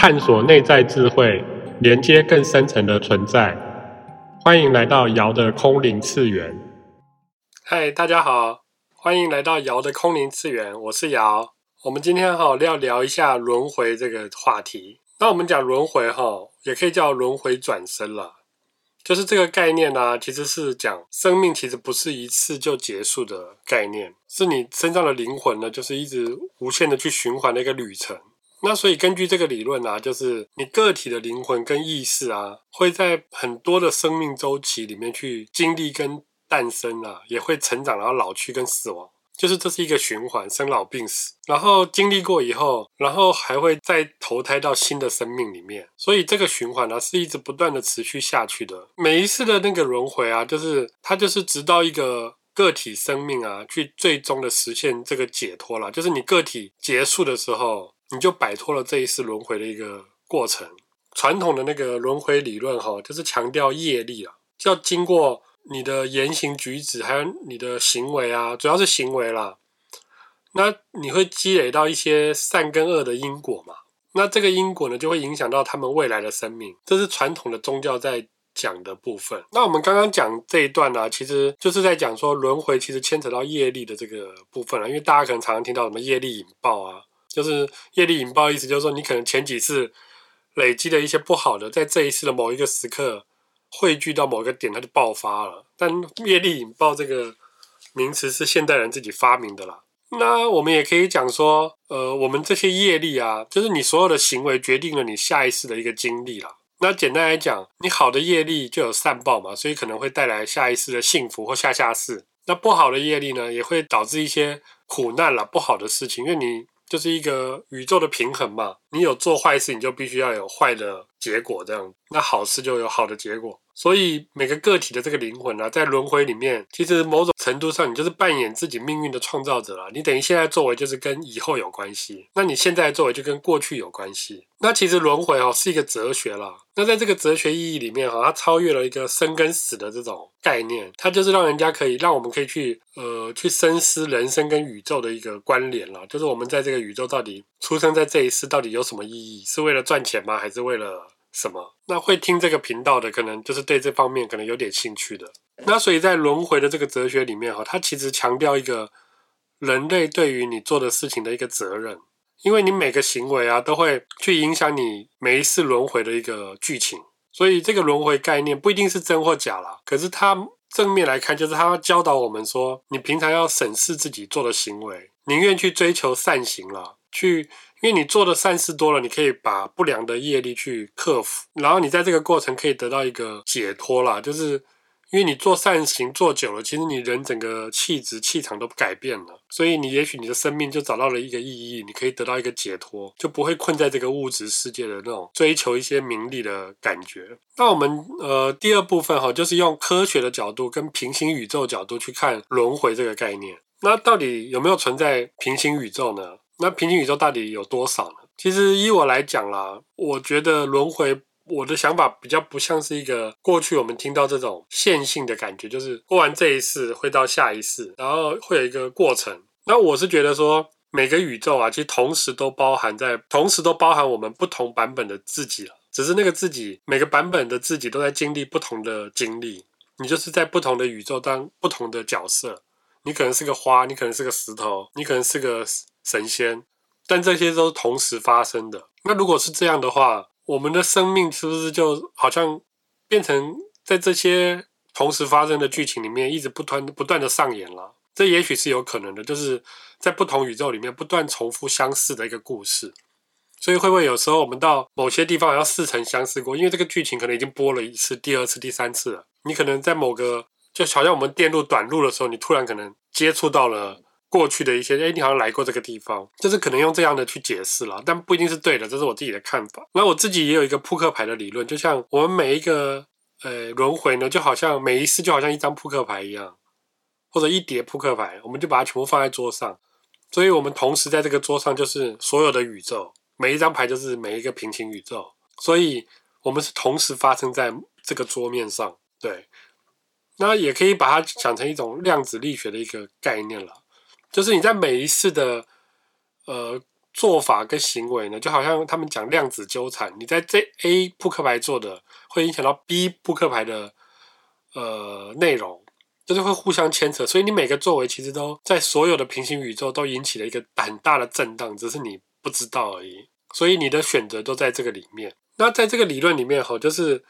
探索內在智慧，連接更深層的存在。歡迎來到瑤的空靈次元。嗨，大家好，歡迎來到瑤的空靈次元，我是瑤。我們今天哈要聊一下輪迴這個話題。那我們講輪迴哈，也可以叫輪迴轉生啦，就是這個概念呢，啊，其實是講生命其實不是一次就結束的概念，是你身上的靈魂呢，就是一直無限的去循環的一個旅程。那所以根據這個理論啊，就是你個體的靈魂跟意識啊，會在很多的生命週期裡面去經歷跟誕生啊，也會成長，然後老去跟死亡，就是這是一個循環，生老病死，然後經歷過以後，然後還會再投胎到新的生命裡面，所以這個循環呢、啊、是一直不斷地持續下去的。每一次的那個輪迴啊，就是它就是直到一個個體生命啊，去最終的實現這個解脫了，就是你個體結束的時候。你就擺脫了這一次輪迴的一個過程。傳統的那個輪迴理論，哈，就是強調業力啊，就要經過你的言行舉止，還有你的行為啊，主要是行為啦。那你會積累到一些善跟惡的因果嘛，那這個因果呢，就會影響到他們未來的生命。這是傳統的宗教在講的部分。那我們剛剛講這一段啊，其實就是在講說輪迴其實牽扯到業力的這個部分啊，因為大家可能常常聽到什麼業力引爆啊。就是業力引爆，意思就是說，你可能前幾次累積的一些不好的，在這一次的某一個時刻匯聚到某一個點，它就爆發了。但業力引爆這個名詞是現代人自己發明的啦。那我們也可以講說，呃，我們這些業力啊，就是你所有的行為決定了你下一世的一個經歷啦。那簡單來講，你好的業力就有善報嘛，所以可能會帶來下一世的幸福或下下世。那不好的業力呢，也會導致一些苦難啦，不好的事情，因為你。就是一個宇宙的平衡嘛，你有做壞事，你就必須要有壞的結果，這樣，那好事就有好的結果。所以每個個體的這個靈魂啊，在輪回裡面，其實某種程度上，你就是扮演自己命運的創造者了。你等於現在作為，就是跟以後有關係；那你現在作為，就跟過去有關係。那其實輪回哦，是一個哲學啦。那在這個哲學意義裡面哈、啊，它超越了一個生跟死的這種概念，它就是讓人家可以，讓我們可以去呃，去深思人生跟宇宙的一個關聯啦。就是我們在這個宇宙到底出生在這一世，到底有什麼意義？是為了賺錢嗎？還是為了？什麼？那會聽這個頻道的，可能就是對這方面可能有點興趣的。那所以在輪迴的這個哲學裡面，哈，它其實強調一個人類對於你做的事情的一個責任，因為你每個行為啊，都會去影響你每一次輪迴的一個劇情。所以這個輪迴概念不一定是真或假啦，可是它正面來看，就是它教導我們說，你平常要審視自己做的行為，寧願去追求善行啦，去。因為你做的善事多了，你可以把不良的業力去克服，然後你在這個過程可以得到一個解脫啦。就是因為你做善行做久了，其實你人整個氣質氣場都改變了，所以你也許你的生命就找到了一個意義，你可以得到一個解脫，就不會困在這個物質世界的那種追求一些名利的感覺。那我們呃第二部分齁，就是用科學的角度跟平行宇宙角度去看輪迴這個概念。那到底有沒有存在平行宇宙呢？那平行宇宙到底有多少呢？其實依我來講啦，我覺得輪迴，我的想法比較不像是一個過去我們聽到這種線性的感覺，就是過完這一世會到下一世，然後會有一個過程。那我是覺得說，每個宇宙啊，其實同時都包含在，同時都包含我們不同版本的自己啊，只是那個自己，每個版本的自己都在經歷不同的經歷。你就是在不同的宇宙當不同的角色，你可能是個花，你可能是個石頭，你可能是個。神仙，但這些都是同時發生的。那如果是這樣的話，我們的生命是不是就好像變成在這些同時發生的劇情裡面一直不斷不斷的上演了？這也許是有可能的，就是在不同宇宙裡面不斷重複相似的一個故事。所以會不會有時候我們到某些地方好像似曾相識過？因為這個劇情可能已經播了一次、第二次、第三次了。你可能在某個就好像我們電路短路的時候，你突然可能接觸到了。過去的一些，哎，你好像來過這個地方，就是可能用這樣的去解釋了，但不一定是對的，這是我自己的看法。那我自己也有一個撲克牌的理論，就像我們每一個，呃，輪迴呢，就好像每一次就好像一張撲克牌一樣，或者一疊撲克牌，我們就把它全部放在桌上，所以我們同時在這個桌上就是所有的宇宙，每一張牌就是每一個平行宇宙，所以我們是同時發生在這個桌面上，對。那也可以把它想成一種量子力學的一個概念了。就是你在每一次的呃做法跟行為呢，就好像他們講量子糾纏，你在這 A 撲克牌做的會影響到 B 撲克牌的呃內容，就是會互相牽扯。所以你每個作為其實都在所有的平行宇宙都引起了一個很大的震盪，只是你不知道而已。所以你的選擇都在這個裡面。那在這個理論裡面，哈，就是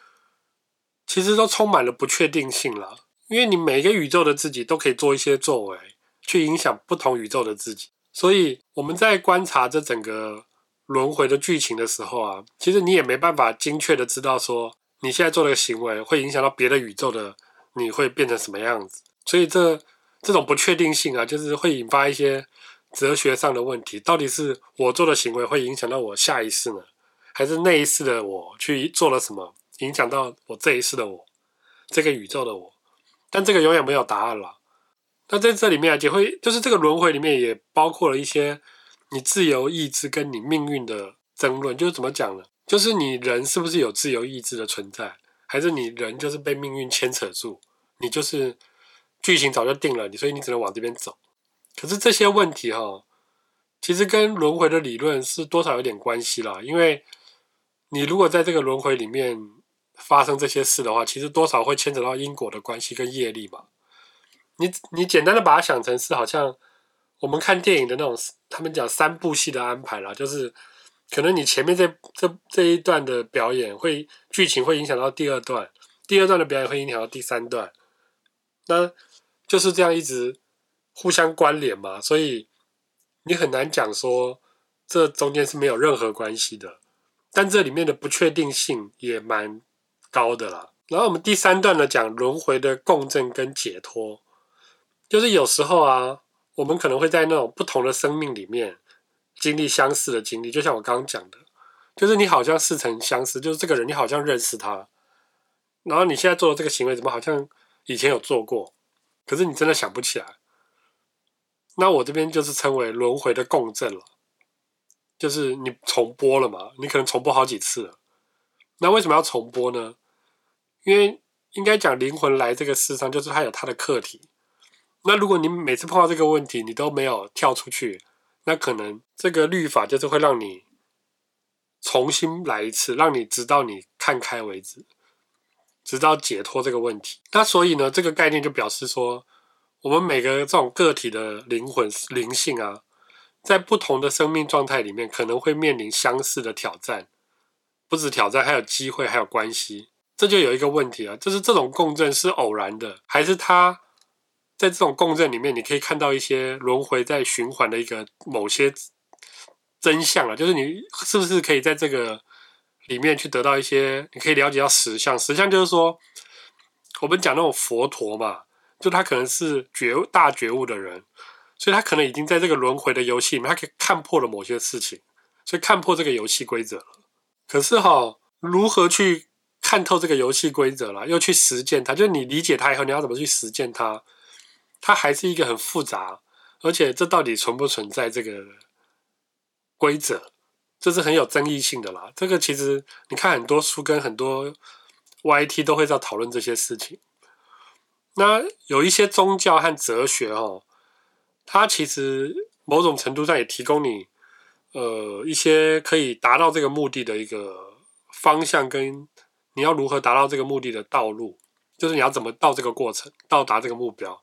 其實都充滿了不確定性啦，因為你每個宇宙的自己都可以做一些作為。去影響不同宇宙的自己，所以我們在觀察這整個輪迴的劇情的時候啊，其實你也沒辦法精確的知道說你現在做的行為會影響到別的宇宙的你，會變成什麼樣子。所以這這種不確定性啊，就是會引發一些哲學上的問題：到底是我做的行為會影響到我下一世呢，還是那一世的我去做了什麼影響到我這一世的我這個宇宙的我？但這個永遠沒有答案了啊。那在這裡面啊，也會就是這個輪迴裡面也包括了一些你自由意志跟你命運的爭論，就是怎麼講呢？就是你人是不是有自由意志的存在，還是你人就是被命運牽扯住，你就是劇情早就定了，你所以你只能往這邊走。可是這些問題哈，其實跟輪迴的理論是多少有點關係啦，因為你如果在這個輪迴裡面發生這些事的話，其實多少會牽扯到因果的關係跟業力嘛。你你簡單的把它想成是好像我們看電影的那種，他們講三部戲的安排啦，就是可能你前面這這這一段的表演會劇情會影響到第二段，第二段的表演會影響到第三段，那就是這樣一直互相關聯嘛，所以你很難講說這中間是沒有任何關係的，但這裡面的不確定性也蠻高的啦。然後我們第三段呢，講輪迴的共振跟解脫。就是有時候啊，我們可能會在那種不同的生命裡面經歷相似的經歷，就像我剛剛講的，就是你好像似曾相識，就是這個人你好像認識他，然後你現在做的這個行為怎麼好像以前有做過，可是你真的想不起來。那我這邊就是稱為輪回的共振了，就是你重播了嘛，你可能重播好幾次了。那為什麼要重播呢？因為應該講靈魂來這個世上，就是它有它的課題。那如果你每次碰到這個問題，你都沒有跳出去，那可能這個律法就是會讓你重新來一次，讓你直到你看開為止，直到解脫這個問題。那所以呢，這個概念就表示說，我們每個這種個體的靈魂靈性啊，在不同的生命狀態裡面，可能會面臨相似的挑戰，不止挑戰，還有機會，還有關係。這就有一個問題啊，就是這種共振是偶然的，還是它？在這種共振裡面，你可以看到一些輪迴在循環的一個某些真相啊。就是你是不是可以在這個裡面去得到一些，你可以了解到實相。實相就是說，我們講那種佛陀嘛，就他可能是覺悟大覺悟的人，所以他可能已經在這個輪迴的遊戲裡面，他可以看破了某些事情，所以看破這個遊戲規則了。可是哈，如何去看透這個遊戲規則啦？又去實踐它，就是你理解它以後，你要怎麼去實踐它？它還是一個很複雜，而且這到底存不存在這個規則，這是很有爭議性的啦。這個其實你看很多書跟很多 YT 都會在討論這些事情。那有一些宗教和哲學哦，它其實某種程度上也提供你呃一些可以達到這個目的的一個方向，跟你要如何達到這個目的的道路，就是你要怎麼到這個過程，到達這個目標。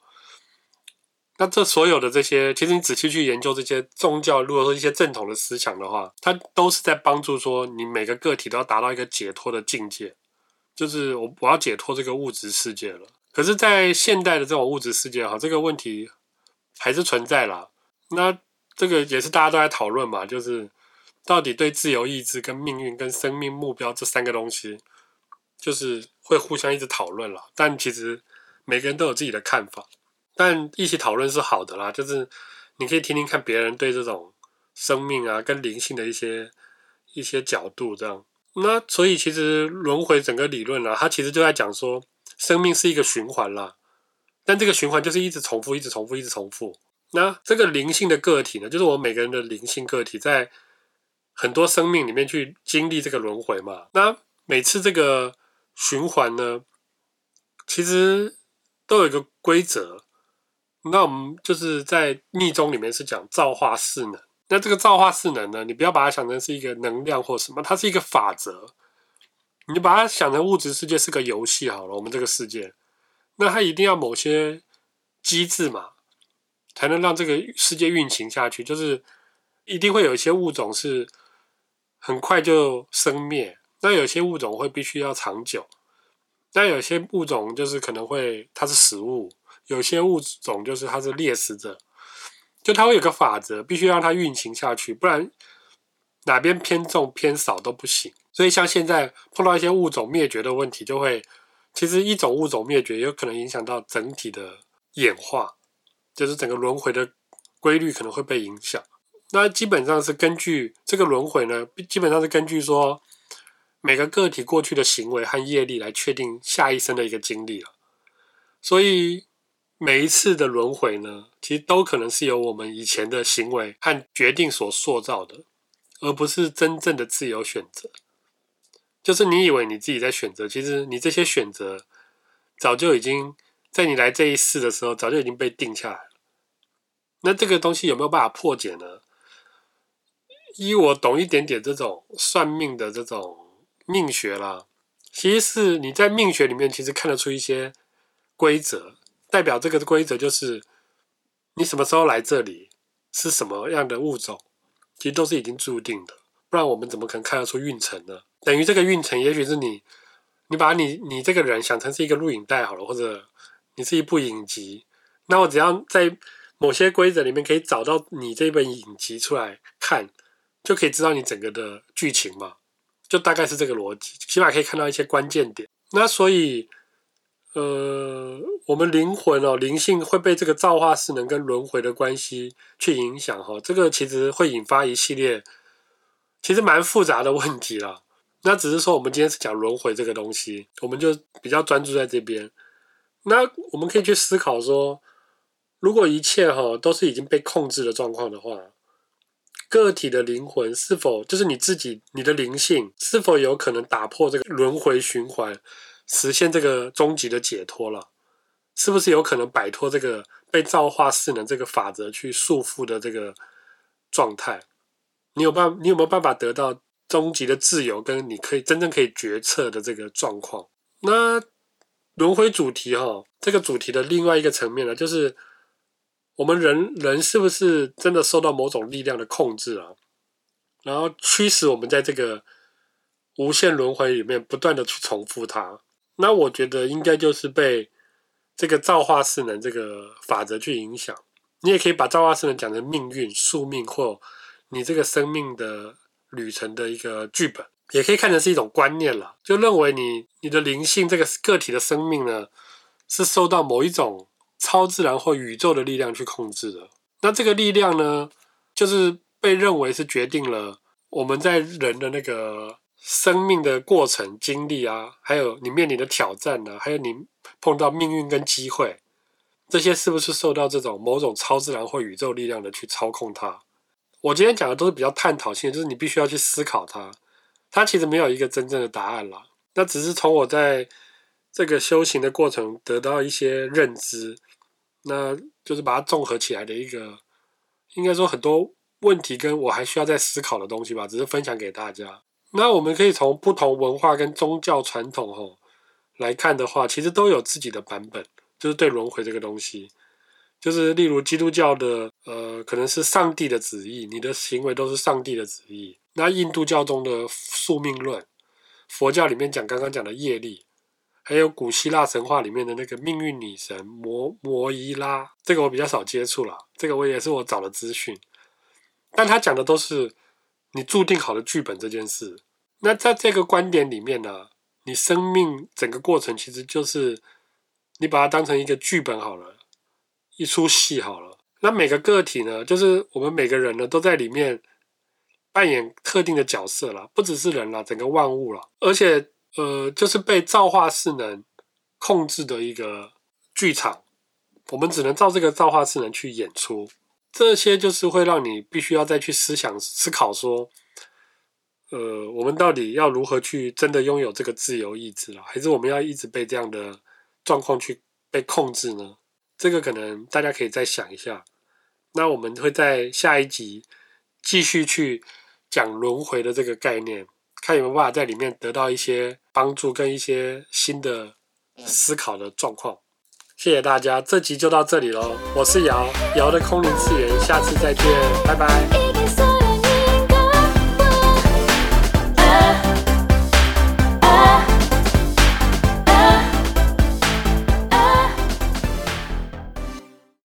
那這所有的這些，其實你仔細去研究這些宗教，如果說一些正統的思想的話，它都是在幫助說你每個個體都要達到一個解脫的境界，就是我我要解脫這個物質世界了。可是，在現代的這種物質世界哈，這個問題還是存在啦。那這個也是大家都在討論嘛，就是到底對自由意志、跟命運、跟生命目標這三個東西，就是會互相一直討論了。但其實每個人都有自己的看法。但一起討論是好的啦，就是你可以聽聽看別人對這種生命啊、跟靈性的一些一些角度這樣。那所以其實輪迴整個理論啦、啊，它其實就在講說，生命是一個循環啦。但這個循環就是一直重複、一直重複、一直重複。那這個靈性的個體呢，就是我們每個人的靈性個體，在很多生命裡面去經歷這個輪迴嘛。那每次這個循環呢，其實都有一個規則。那我們就是在密宗裡面是講造化勢能。那這個造化勢能呢，你不要把它想成是一個能量或什麼，它是一個法則。你把它想成物質世界是個遊戲好了，我們這個世界，那它一定要某些機制嘛，才能讓這個世界運行下去。就是一定會有一些物種是很快就生滅，那有些物種會必須要長久，那有些物種就是可能會，它是食物。有些物種就是它是獵食者，就它會有個法則，必須讓它運行下去，不然哪邊偏重偏少都不行。所以像現在碰到一些物種滅絕的問題，就會其實一種物種滅絕，有可能影響到整體的演化，就是整個輪回的規律可能會被影響。那基本上是根據這個輪回呢，基本上是根據說每個個體過去的行為和業力來確定下一生的一個經歷了。所以。每一次的輪迴呢，其實都可能是由我們以前的行為和決定所塑造的，而不是真正的自由選擇。就是你以為你自己在選擇，其實你這些選擇早就已經在你來這一世的時候，早就已經被定下來了。那這個東西有沒有辦法破解呢？依我懂一點點這種算命的這種命學啦，其實是你在命學裡面其實看得出一些規則。代表這個規則就是，你什麼時候來這裡，是什麼樣的物種，其實都是已經注定的。不然我們怎麼可能看得出運程呢？等於這個運程，也許是你，你把你你這個人想成是一個錄影帶好了，或者你是一部影集。那我只要在某些規則裡面可以找到你這本影集出來看，就可以知道你整個的劇情嘛。就大概是這個邏輯，起碼可以看到一些關鍵點。那所以。呃，我們靈魂哦，靈性會被這個造化勢能跟輪迴的關係去影響哈，這個其實會引發一系列其實蠻複雜的問題啦。那只是說我們今天是講輪迴這個東西，我們就比較專注在這邊。那我們可以去思考說，如果一切哈、哦、都是已經被控制的狀況的話，個體的靈魂是否就是你自己，你的靈性是否有可能打破這個輪迴循環？實現這個終極的解脫了，是不是有可能擺脫這個被造化勢能這個法則去束縛的這個狀態？你有辦你有沒有辦法得到終極的自由，跟你可以真正可以決策的這個狀況？那輪迴主題哈、哦，這個主題的另外一個層面呢，就是我們人人是不是真的受到某種力量的控制啊？然後驅使我們在這個無限輪迴裡面不斷的去重複它。那我覺得應該就是被這個造化勢能這個法則去影響，你也可以把造化勢能講成命運、宿命或你這個生命的旅程的一個劇本，也可以看成是一種觀念啦。就認為你，你的靈性這個個體的生命呢，是受到某一種超自然或宇宙的力量去控制的。那這個力量呢，就是被認為是決定了我們在人的那個。生命的過程、經歷啊，還有你面臨的挑戰呢、啊，還有你碰到命運跟機會，這些是不是受到這種某種超自然或宇宙力量的去操控它。我今天講的都是比較探討性的，就是你必須要去思考它。它其實沒有一個真正的答案啦，那只是從我在這個修行的過程得到一些認知，那就是把它綜合起來的一個，應該說很多問題跟我還需要再思考的東西吧，只是分享給大家。那我們可以從不同文化跟宗教傳統吼來看的話，其實都有自己的版本，就是對輪迴這個東西，就是例如基督教的呃，可能是上帝的旨意，你的行為都是上帝的旨意。那印度教中的宿命論，佛教裡面講剛剛講的業力，還有古希臘神話裡面的那個命運女神摩摩伊拉，這個我比較少接觸了，這個我也是我找的資訊，但他講的都是。你注定好的劇本這件事，那在這個觀點裡面呢，你生命整個過程其實就是你把它當成一個劇本好了，一出戲好了。那每個個體呢，就是我們每個人呢，都在裡面扮演特定的角色啦，不只是人啦，整個萬物啦，而且呃，就是被造化勢能控制的一個劇場，我們只能照這個造化勢能去演出。這些就是會讓你必須要再去思想、思考說，呃，我們到底要如何去真的擁有這個自由意志了，還是我們要一直被這樣的狀況去被控制呢？這個可能大家可以再想一下。那我們會在下一集繼續去講輪迴的這個概念，看有沒有辦法在裡面得到一些幫助跟一些新的思考的狀況。謝謝大家，這集就到這裡嘍。我是瑤瑤的空靈次元，下次再見，拜拜。